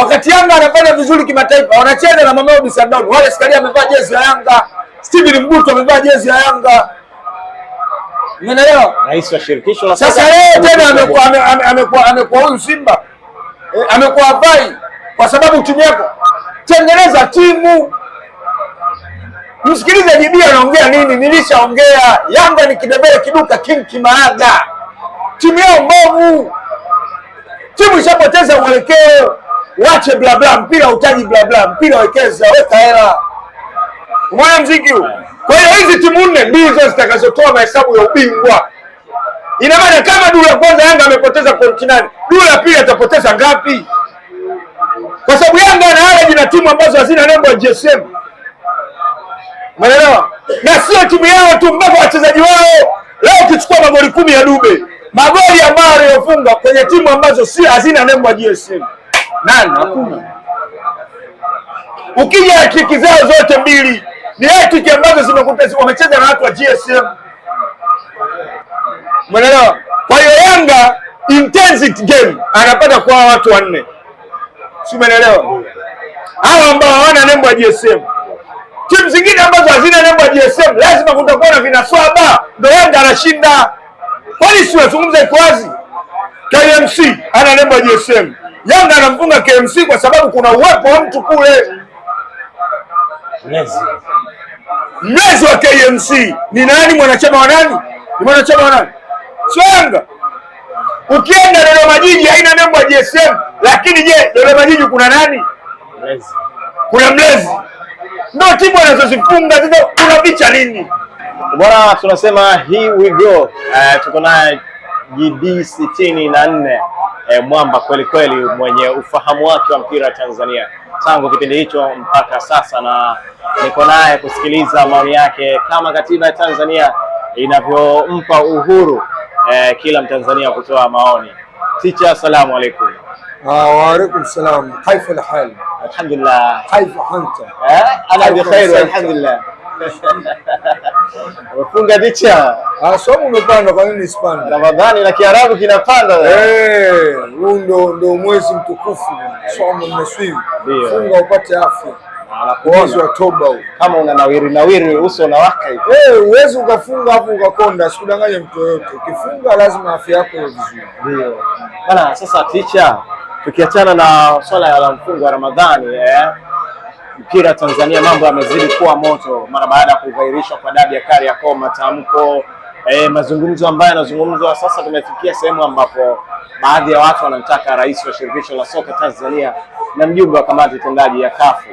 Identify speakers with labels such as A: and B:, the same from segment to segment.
A: Wakati Yanga anafanya vizuri kimataifa, wanacheza na Mamelodi Sundowns. Wale Skaria amevaa jezi ya Yanga, Steven Mbuto amevaa jezi ya Yanga. Umeelewa?
B: Rais wa shirikisho la
A: sasa leo tena amekuwa amekuwa amekuwa huyu Simba. Eh, amekuwa abai kwa sababu timu yako. Tengeneza timu. Msikilize Jibi anaongea nini? Nilishaongea. Yanga ni kidebele kiduka king kimaaga. Timu yao mbovu. Timu ishapoteza mwelekeo. Wache bla bla, mpira utaji bla bla, mpira wekeza, weka hela. Umeona mziki huu? Kwa hiyo hizi timu nne ndizo zitakazotoa mahesabu ya ubingwa. Ina maana kama duru ya kwanza Yanga amepoteza pointi nane, duru ya pili atapoteza ngapi? Kwa sababu Yanga ana alaji na timu ambazo hazina nembo ya GSM, umeelewa? Na sio timu yao tu, mpaka wachezaji wao. Leo ukichukua magoli kumi ya Dube, magoli ambayo aliyofunga kwenye timu ambazo si hazina nembo ya GSM nani? Hakuna. Ukija hatiki zao zote mbili ni hatiki ambazo zimekuta wamecheza na watu wa GSM, umeelewa? Kwa hiyo Yanga intensity game anapata kwa watu wanne, si umeelewa? Hawa ambao hawana nembo ya GSM, timu zingine ambazo hazina nembo ya GSM lazima kutakuwa na vinaswaba, ndio Yanga anashinda. Kwani si tunazungumza iko wazi? KMC ana nembo ya GSM Yanga anamfunga KMC kwa sababu kuna uwepo wa mtu kule mlezi wa KMC ni nani? Mwanachama wa nani? Ni mwanachama wa nani? Sio Yanga. Ukienda Dodoma Jiji haina nembo ya GSM, lakini je, Dodoma Jiji kuna nani? Mlezi. Kuna mlezi, ndio timu anazozifunga sasa. Kuna picha nini
B: bwana? Tunasema here we go. Uh, tuko naye GD 64 na nne e, mwamba kweli kweli, mwenye ufahamu wake wa mpira wa Tanzania tangu kipindi hicho mpaka sasa, na niko naye kusikiliza maoni yake kama katiba ya Tanzania inavyompa uhuru e, kila Mtanzania kutoa maoni. Ticha, asalamu alaykum.
C: Ah, wa alaykum salam. Kaifa alhal?
B: Alhamdulillah.
C: Kaifa anta?
B: Eh, ana bikhair, alhamdulillah. Umefunga dicha.
C: Ah, somo umepanda kwa nini sipanda?
B: Ramadhani na Kiarabu kinapanda.
C: Eh, huu ndo ndo mwezi mtukufu. Somo nimeswimu. Funga upate afya. Mwezi wa toba huu.
B: Kama una nawiri nawiri uso unawaka hivi.
C: Eh, uwezi ukafunga hapo ukakonda, sikudanganye mtu yoyote. Ukifunga lazima afya yako iwe vizuri.
B: Ndio. Bana, sasa ticha, tukiachana na swala ya mfungo wa Ramadhani eh mpira Tanzania mambo yamezidi kuwa moto mara baada ya kudhairishwa kwa dabi ya Kariakoo, matamko e, mazungumzo ambayo yanazungumzwa sasa. Tumefikia sehemu ambapo baadhi ya watu wanamtaka rais wa shirikisho la soka Tanzania na mjumbe wa kamati tendaji ya kafu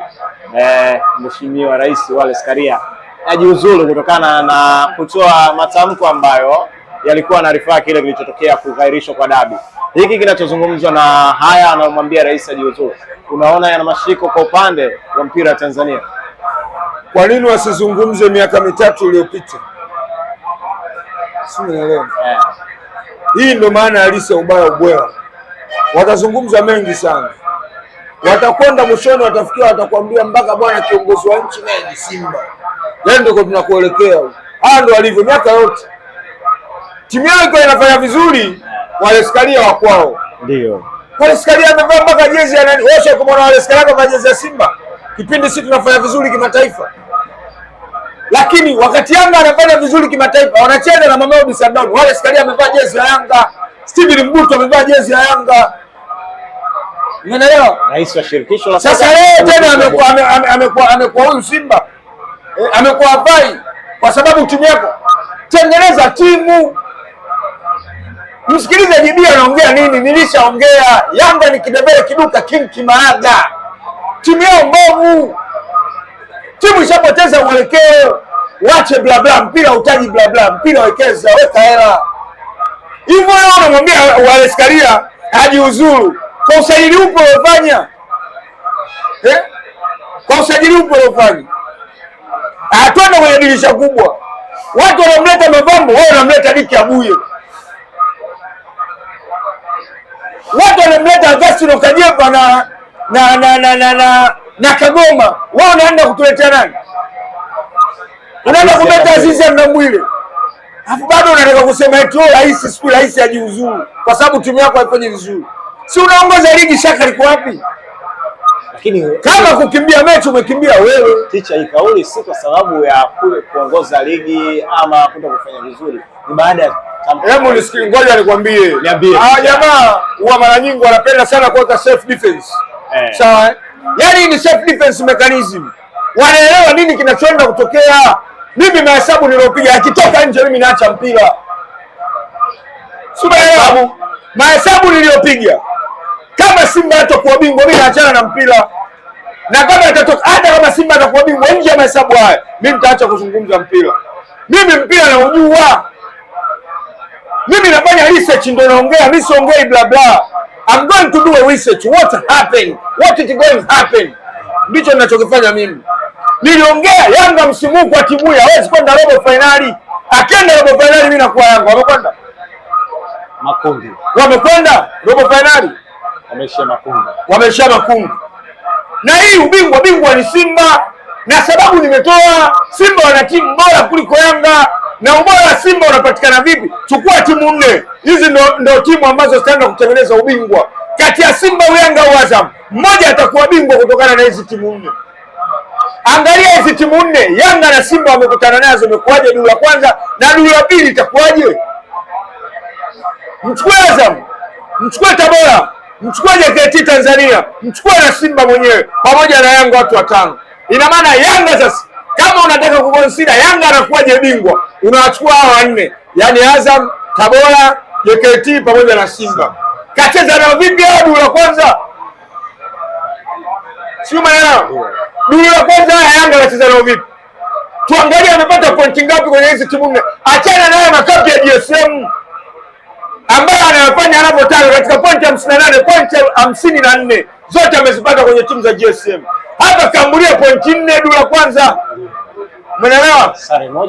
B: e, mheshimiwa rais Wallace Karia ajiuzulu kutokana na kutoa matamko ambayo yalikuwa na rifaa kile kilichotokea kudhairishwa kwa dabi hiki kinachozungumzwa na haya anayomwambia rais ajiuzuru, unaona yana mashiko kwa upande wa mpira wa Tanzania.
C: Kwa nini wasizungumze miaka mitatu iliyopita? Yeah. Eh. Hii ndio maana halisi ya ubaya ubwela. Watazungumza mengi sana, watakwenda mwishoni, watafikia watakwambia mpaka bwana kiongozi wa nchi naye ni Simba. Yaani ndiko tunakuelekea. Haya ndio alivyo miaka yote, timu yao ikiwa inafanya vizuri Waleskalia wa kwao.
B: Ndio.
A: Waleskalia amevaa mpaka jezi ya nani? Wewe ukumwona Waleskalia kwa jezi ya Simba. Kipindi sisi tunafanya vizuri kimataifa. Lakini wakati Yanga anafanya vizuri kimataifa, wanacheza na Mamelodi Sundowns. Waleskalia amevaa jezi ya Yanga. Steven Mbuto amevaa jezi ya Yanga. Umeelewa?
B: Rais wa shirikisho
A: la sasa leo tena amekuwa amekuwa amekuwa huyu Simba. Eh, amekuwa hafai kwa sababu timu yako. Tengeneza timu Msikilize Jibia anaongea nini. Nilishaongea Yanga ni kidebele kiduka king kimaraga, timu yao mbovu, timu ishapoteza mwelekeo. Wache bla bla, mpira utaji bla bla, mpira wekeza, weka hela. Hivyo leo anamwambia Wallace Karia ajiuzuru kwa usajili upo uliofanya eh? Kwa usajili upo uliofanya, atwende ah, kwenye dirisha kubwa. Watu wanamleta Mavambo, wao wanamleta Diki Abuye. watu wanamleta Agustino Kajepa na na na na na, na, na Kagoma, wao wanaenda kutuletea nani? Unaenda kumleta Azizi ya Mnambwile, alafu bado unataka kusema eti oh, rais siku rais ajiuzuru kwa sababu timu yako haifanyi vizuri. Si unaongoza ligi, shaka liko wapi? Lakini kama kukimbia mechi umekimbia wewe.
B: Ticha, hii kauli si kwa sababu ya kule kuongoza ligi ama kuta kufanya vizuri, ni baada ya hebu nisikie, ngoja nikwambie. Niambie.
A: Ah, jamaa huwa mara nyingi wanapenda sana kuweka self defense. Eh. Sawa. Eh? yani ni self defense mechanism. Wanaelewa nini kinachoenda kutokea. Mimi mahesabu niliopiga akitoka nje mimi naacha mpira. Subahesabu. Mahesabu niliyopiga kama Simba atakuwa bingwa, mimi naachana na mpira, na kama atatoka hata kama Simba atakuwa bingwa nje ya mahesabu haya, mimi nitaacha kuzungumza mpira. Mimi mpira naujua, mimi nafanya research, ndio naongea, mimi siongei bla bla. I'm going to do a research what happened, what it going to happen, ndicho ninachokifanya mimi. Niliongea Yanga msimu kwa timu ya hawezi kwenda robo finali, akenda robo finali mimi nakuwa Yanga wamekwenda makundi, wamekwenda robo finali
B: wameishia makundi,
A: wameishia makundi. Na hii ubingwa, bingwa ni Simba, na sababu nimetoa, Simba wana timu bora kuliko Yanga. Na ubora wa Simba unapatikana vipi? Chukua timu nne hizi, ndo, ndo timu ambazo zitaenda kutengeneza ubingwa kati ya Simba, Yanga au Azam, mmoja atakuwa bingwa kutokana na hizi timu nne. Angalia hizi timu nne, Yanga na Simba wamekutana nazo, imekuwaje duru ya kwanza na duru ya pili itakuwaje? Mchukue Azam, mchukue Tabora, Mchukue JKT Tanzania, mchukue na Simba mwenyewe pamoja na Yanga, watu watano. Ina maana Yanga sasa, kama unataka kukonsida Yanga anakuwaje bingwa, unawachukua hao wanne, yaani Azam, Tabora, JKT pamoja na Simba. Kacheza nao vipi hao? Duru la kwanza sio maana, duru la kwanza Yanga anacheza nao vipi? Tuangalie amepata pointi ngapi kwenye hizi timu nne. Achana naye makapi ya GSM ambayo anayofanya anavyotaka katika pointi hamsini na nane pointi hamsini na nne zote amezipata kwenye timu za GSM. Hapa kaambulia pointi nne du kwanza, umeelewa?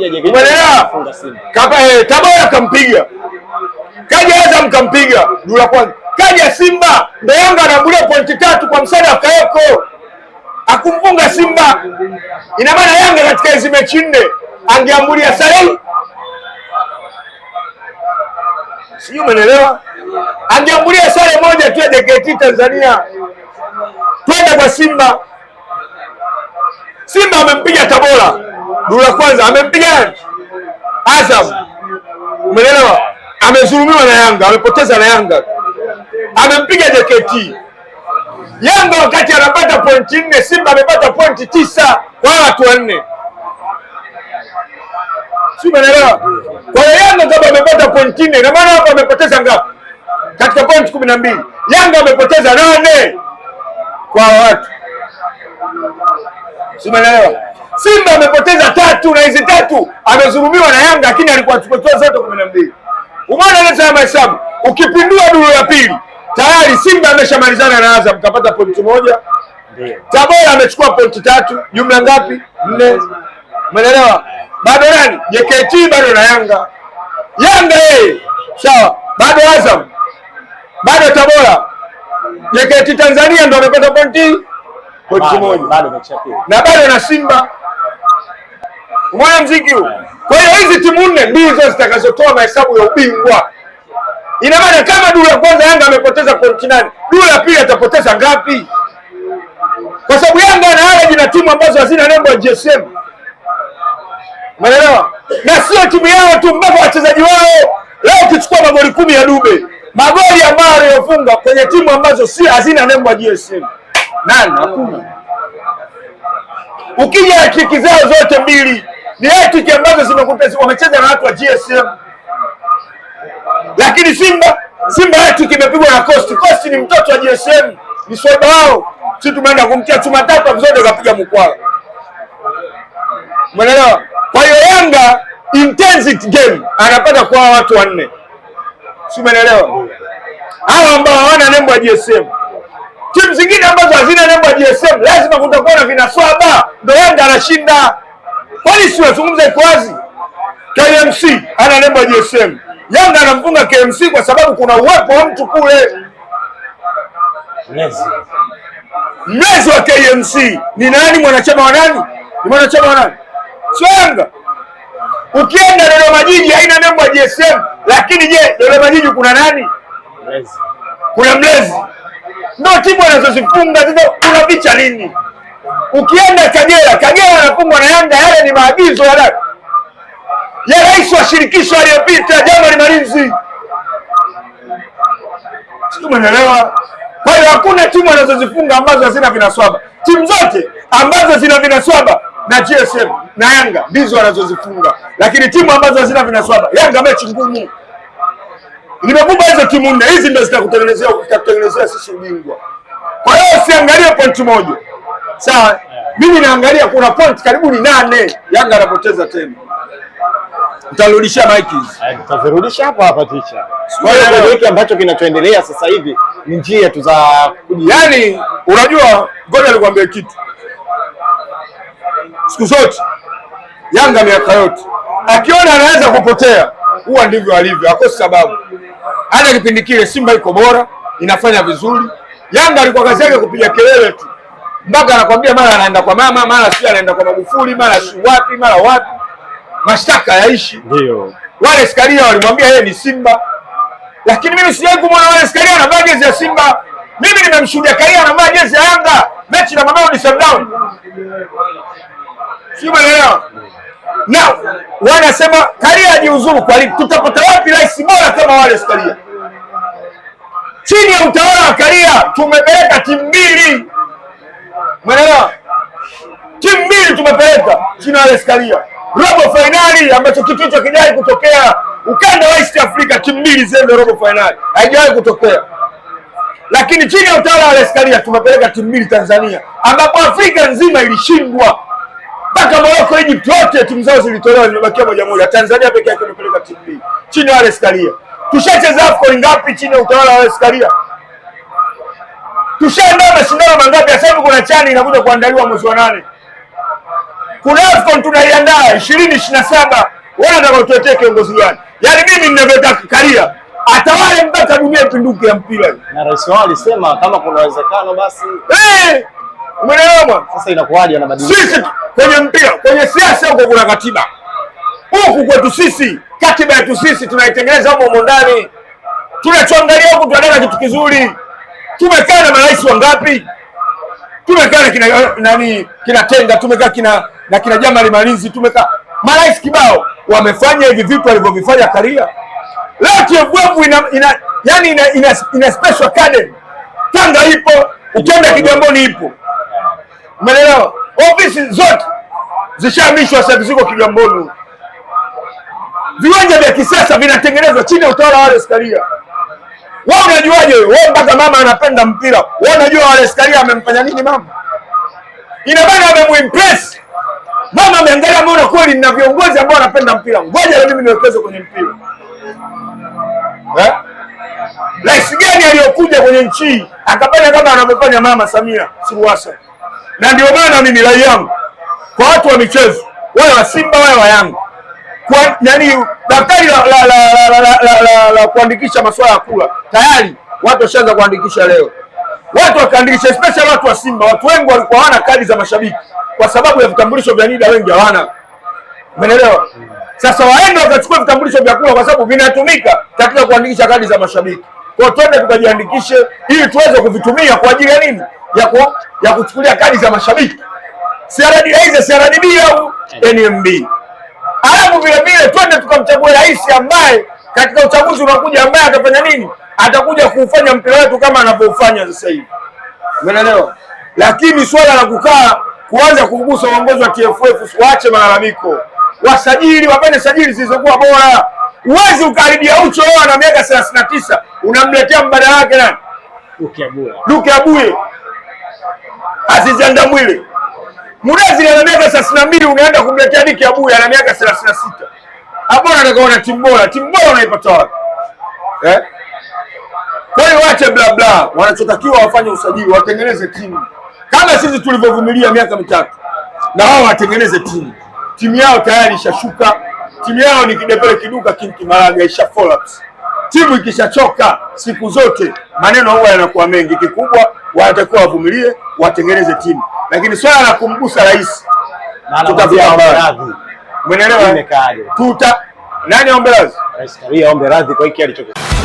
A: Umeelewa? Eh, Tabora kampiga, kaja Azam kampiga du kwanza, kaja Simba ndo Yanga anaambulia pointi tatu kwa msaada wa Kayoko, akumfunga Simba. Ina maana Yanga katika hizi mechi nne angeambulia Salei sijui umeelewa. Angeambulia sare moja tu ya JKT Tanzania, twende kwa Simba. Simba amempiga Tabora duru la kwanza, amempiga Azam, umeelewa. Amezulumiwa na Yanga, amepoteza na Yanga, amempiga JKT. Yanga wakati anapata pointi nne, Simba amepata pointi tisa kwa watu wanne si umeelewa? Kwa hiyo Yanga kama amepata pointi nne, na maana hapa amepoteza ngapi? Katika pointi kumi na mbili Yanga amepoteza nane kwa watu, si umeelewa? Simba amepoteza tatu na hizi tatu amezulumiwa na Yanga, lakini alikuwa achukua zote kumi na mbili. Umeona leta mahesabu, ukipindua duru ya pili tayari Simba ameshamalizana na Azam kapata pointi moja. Tabora amechukua pointi tatu, jumla ngapi? Nne. Umeelewa? bado nani? JKT bado na Yanga, Yanga yeye sawa, bado Azam, bado Tabora. JKT Tanzania ndo amepata pointi pointi moja na bado na Simba. Umeona mziki huu? Kwa hiyo hizi timu nne ndizo zitakazotoa mahesabu ya ubingwa. Ina maana kama duru ya kwanza Yanga amepoteza pointi nane, duru ya pili atapoteza ngapi? Kwa sababu Yanga ana na timu ambazo hazina nembo ya GSM Umeelewa? Na sio timu yao tu, mpaka wachezaji wao. Leo ukichukua magoli kumi ya Dube, magoli ambayo aliyofunga kwenye timu ambazo si hazina nembo ya GSM, nani? Hakuna. Ukija kiki zao zote mbili ni hatiki ambazo zimekuta wamecheza na watu wa GSM, lakini Simba Simba yetu kimepigwa na Coast. Coast ni mtoto wa GSM, ni swaba wao. Sisi tumeenda kumtia chuma tatu zote kapiga mkwala Mwenelewa? Kwa hiyo Yanga intensity game anapata kwa watu wanne, si umeelewa? Hawa ambao hawana nembo ya GSM, timu zingine ambazo hazina nembo ya GSM lazima kutakuwa na vinaswaba, ndio Yanga anashinda. Kwani si wazungumza iko wazi? KMC ana nembo ya GSM, Yanga anamfunga KMC kwa sababu kuna uwepo wa mtu kule mezi wa KMC ni nani? Mwanachama wa nani? Ni mwanachama wa nani? Swanga. Ukienda Dodoma Jiji haina nembo ya GSM, lakini je, Dodoma Jiji kuna nani? Kuna Mlezi. Ndio timu anazozifunga sasa, kuna picha nini? Ukienda Kagera, Kagera anafungwa na Yanga, yale ni maagizo ya dada. Ya rais wa shirikisho aliyopita Jamali Malinzi. Sio mnaelewa? Kwa hiyo hakuna timu anazozifunga ambazo hazina vinaswaba. Timu zote ambazo zina vinaswaba na GSM na Yanga ndizo wanazozifunga, lakini timu ambazo hazina vinaswaba, Yanga mechi ngumu. Nimekupa hizo timu nne, hizi ndio zitakutengenezea zitakutengenezea sisi ubingwa. Kwa hiyo siangalie point moja, sawa? Mimi naangalia kuna point karibu ni nane, Yanga anapoteza tena. Mtarudishia mic hizi,
B: Tutarudisha hapa hapa ticha. Kwa hiyo hiki ambacho kinachoendelea sasa hivi ni njia tu za
A: yaani, unajua Godi alikwambia kitu siku zote Yanga miaka yote akiona anaweza kupotea huwa ndivyo alivyo, akosi sababu. Hata kipindi kile Simba iko bora, inafanya vizuri, Yanga alikuwa kazi yake kupiga kelele tu, mpaka anakwambia mara anaenda kwa mama, mara si anaenda kwa Magufuli, mara si wapi, mara wapi, mashtaka yaishi. Ndio wale Skaria walimwambia yeye ni Simba, lakini mimi sijawahi kumwona wale Skaria anavaa jezi ya Simba. Mimi nimemshuhudia Karia anavaa jezi ya Yanga mechi na Mamelodi Sundowns sio umeelewa? Na wanasema Karia ajiuzuru kwalimu, tutapata wapi rais bora kama wale Karia? Chini ya utawala wa Karia tumepeleka timu mbili, umeelewa? Timu mbili tumepeleka chini ya wale Karia, robo fainali ambacho kitu hicho kijai kutokea ukanda wa East Africa, timu mbili ziende robo fainali, haijawahi kutokea lakini chini ya utawala wa Rais tumepeleka timu mbili Tanzania, ambapo Afrika nzima ilishindwa mpaka Morocco, Egypt, yote timu zao zilitolewa, zimebakia moja moja. Tanzania pekee yake imepeleka timu mbili chini ya Wallace Karia. Tushacheza AFCON ngapi chini ya utawala wa Wallace Karia? Tushaandaa mashindano mangapi? Sasa hivi kuna chani inakuja kuandaliwa mwezi wa nane, kuna AFCON tunaiandaa ishirini ishirini na saba wewe utakaotuletea kiongozi gani? Yaani mimi ninavyotaka Karia atawale mpaka dunia ipinduke ya mpira,
B: na rais wao alisema kama kuna uwezekano basi
A: hey! Eh! Umeelewa?
B: Sasa inakuwaje anabadilika?
A: Sisi kwenye mpira, kwenye siasa huko kuna katiba. Huku kwetu sisi, katiba yetu sisi tunaitengeneza huko ndani. Tunachoangalia huku tunataka kitu kizuri. Tumekaa na marais wangapi? Tumekaa na kina nani, kina Tenga, tumekaa kina na kina Jamali Malinzi, tumekaa marais kibao wamefanya hivi vitu walivyovifanya Karia. Leo TFF ina, ina, yani ina, ina, ina special academy. Tanga ipo, ukienda Kigamboni ipo. Umeelewa? Ofisi zote zishamishwa sasa, ziko Kigamboni. Viwanja vya kisasa vinatengenezwa chini ya utawala wa Wallace Karia. Wewe unajuaje wewe? mpaka mama anapenda mpira, wewe unajua Wallace Karia amemfanya nini mama? Ina maana amemwimpress mama, ameangalia mbona kweli nina viongozi ambao wanapenda mpira, ngoja na mimi niwekeze kwenye mpira eh? Rais gani aliyokuja kwenye nchi akapenda kama anavyofanya mama Samia Suluhu Hassan? na ndio maana mimi rai yangu kwa watu wa michezo, wale wa Simba wale wa Yanga, kwa yani daftari la, la, la, la, la, la, la kuandikisha masuala ya kula tayari watu washaanza kuandikisha leo, watu wakaandikisha, especially watu wa Simba. Watu wengi walikuwa hawana kadi za mashabiki kwa sababu ya vitambulisho vya NIDA, wengi hawana, umeelewa? Mm. Sasa waende wakachukua vitambulisho vya kula kwa sababu vinatumika katika kuandikisha kadi za mashabiki. Kwa twende tukajiandikishe ili tuweze kuvitumia kwa ajili ya nini? Ya, ku, ya kuchukulia kadi za mashabiki CRDB au NMB. Alafu vile vile twende tukamchagua rais ambaye katika uchaguzi unakuja ambaye atafanya nini? Atakuja kuufanya mpira wetu kama anavyofanya sasa hivi. Umeelewa? Lakini swala la kukaa kuanza kugusa uongozi wa TFF, siwaache malalamiko, wasajili wapende sajili zilizokuwa bora. Huwezi ukaribia ucho wewe na miaka thelathini na tisa unamletea mbadala wake nani? Duke Abuye, azizanda mwili Mudazili ana miaka thelathini na mbili unaenda kumletea Duke Abuye ana miaka thelathini na sita hapo unataka una timu bora. Timu bora unaipata wapi eh? Kwa hiyo wache bla bla, wanachotakiwa wafanye usajili, watengeneze timu kama sisi tulivyovumilia miaka mitatu, na wao watengeneze timu. Timu yao tayari ishashuka timu yao ni kidevele kiduka kimkimaraga, isha follow-ups. Timu ikishachoka siku zote maneno huwa yanakuwa mengi. Kikubwa wanatakiwa wavumilie, watengeneze timu, lakini swala la kumgusa rais Mwenelewa? Tuta nani ombe radhi?
B: Rais Karia ombe radhi kwa hiki alichokisema.